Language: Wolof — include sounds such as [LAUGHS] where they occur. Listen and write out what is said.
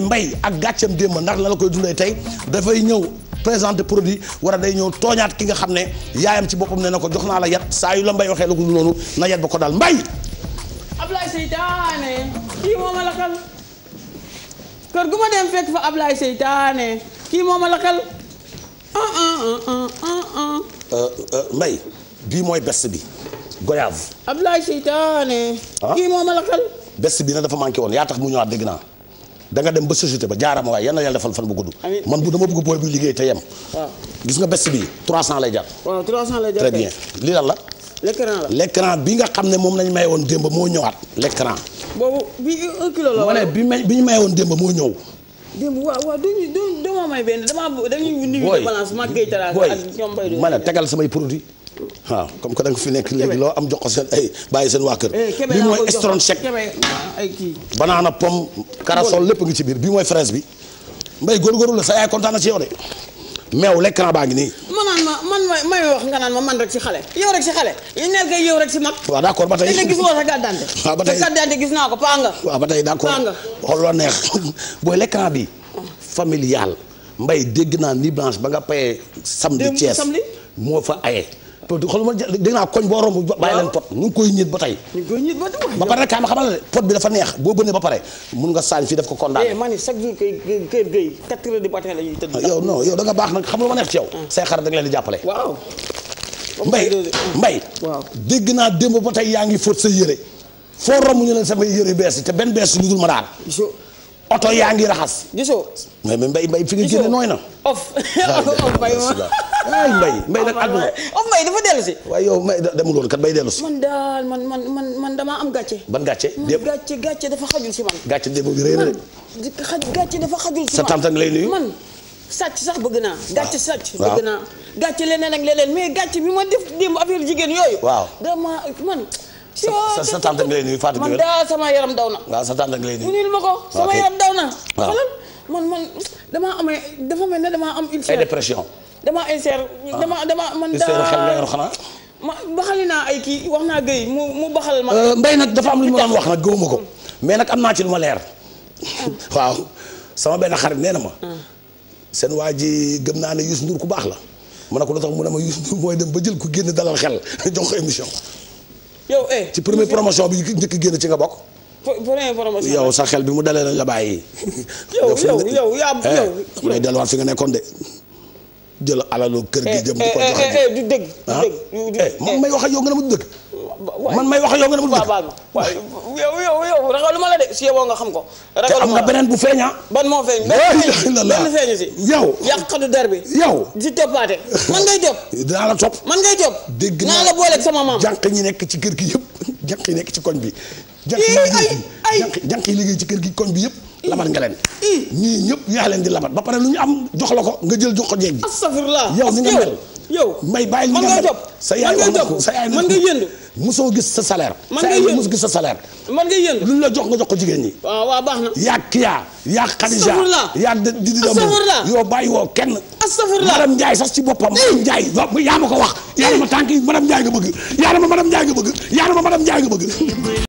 mbay ak gàcceem démb la la koy dundee tey dafay ñëw présenté produit war a day ñëw tooñaat ki nga xam ne yaayam ci boppam ne na ko jox naa la yat saa yu la mbay waxee ko du noonu na yat ba kër gu ma dem fekk fa Ablaye Seytaane kii mooma lakal euh, euh, mbay bii mooy best bi goyave Ablaye Seytaane ah? kii mooma lakal best bi na dafa manqué woon yaa tax mu ñëwaat dégg naa danga dem ba société ba jaarama waaye yàlla na yàlla defal fan bu gudd. man bu dama bëgg booy bi liggéey te yem. gis nga best bi 300 lay jar. waaw 300 lay jar très bien lii lan la. l'écran bi nga xam ne moom lañ maye woon démb moo ñëwaat l'écran. boobu bi un kilo la. bi may bi ñu maye woon démb moo ñëw. démb waaw waaw duñu du du ma may benn damaa dañuy nuyu balance ma ak ñoom bay ma tegal samay produit waaw comme que da nga fi nekk léegi loo am jox ko seen ay bàyyi seen waa kër. Eh, bi mooy estron sec banaana pomme corossol lépp ngi ci biir bi mooy fraise bi mbay góorgóorlu la sa yaay kontaan na ci yow de meew lekk naa baa ngi nii. ma ma man ma man rek ci xale yow rek ci xale yi nekk yow rek ci mag. waaw d' ba tey gis nga sax [LAUGHS] neex [LAUGHS] booy lekk bi familial mbay dégg naa ni blanche ba nga payee samedi Thiès moo fa aye xool ma dégg naa koñ boo romb bàyyi leen pot ñu koy ñit ba tey ba pare rek kaay xamal la pot bi dafa neex boo bënee ba pare mun nga saañ fii def ko condamné man chaque jour kay kër gëy quatre ah, yow non baax nag xam lu ma neex ci yow ah. say xarit da leen di jàppale mbay mbay waaw dégg naa démb ba tey yaa ngi fóot sa yére foo romb ñu leen samay yére bees te benn bees lu dul ma daal oto yaa ngi raxas gisoo mais mbay mbay fi nga génne nooy na of [LAUGHS] ay mbay mbay nag àdduna oh mbay dafa yow mbay demul woon kat bay dellu si man daal man man man man damaa am gàcce ban gàcce gàcce gàcce dafa xajul si man gàcce démb bi rëy dafa xajul si sa tante lay nuyu man sàcc sax bëgg naa gàcce sàcc bëgg naa gàcce leneen ak leneen mais gàcce bi ma def démb affaire jigéen yooyu waaw dama man sa sa tante nga lay nuyu Fatou man daal sama yaram daw na waaw sa tante nga lay nuyu nuyul ma ko sama yaram daw na man man amee dafa mel ne damaa am une dépression dama insérer. Ah. dama dama man dama ma baxali naa ay kii wax naa gëy mu mu baxal ma. Euh, mbay nag dafa am lu ñu doon wax nag gëwuma ko mais nag am naa ci lu ma leer. Ah. [LAUGHS] waaw sama benn xarit nee na ma. Ah. seen waa ji gëm naa ne Youssou Ndour ku baax la. ma ne ko lu tax mu ne ma Youssou Ndour mooy dem ba jël ku génn dalal xel [LAUGHS] jox ko émission. yow eh ci première promotion bi njëkk génn ci nga bokk. première yow sa xel bi mu dalee la nga bàyyi. [LAUGHS] yow yow yow yaa eh, fi nga nekkoon de. jël alalu kër gi eh, jëm di ko eh, joxe du dëgg du dëgg man may wax ak yow nga ne ma du dëgg man may wax yow nga ne ma du dëgg waaw yow yow yow la de si nga xam ko ragaluma am na beneen bu feeña ban moo feeñ benn feeñu si yow yàqatu der bi yow di toppaate man ngay topp [LAUGHS] dinaa la topp man ngay topp dégg naa la booleeg sama maam jànq ñi nekk ci kër gi yëpp [LAUGHS] jànq yi nekk ci koñ bi jànq yi liggéey ci kër gi koñ bi yëpp labat nga leen ñii ñëpp yaa leen di ba pare lu ñu am jox la ko nga jël jox ko jeeg ji astafirlaa yow ni nga mel may bàyyi li nga mel sa yaay wax na ko sa man nga yëndu mosoo gis sa salaire sa yaay mos gis sa salaire man nga yëndu lu ñu la jox nga jox ko jigéen ñi waaw waaw baax na yaa Kiya yaa Khadija yaa Didi Dambou yow bàyyi woo kenn astafirlaa madame Ndiaye sax ci boppam eh. madame Ndiaye yaa ma ko wax yaa ma tànk yi madame Ndiaye nga bëgg yaa ma madame Ndiaye nga bëgg yaa ma madame Ndiaye nga bëgg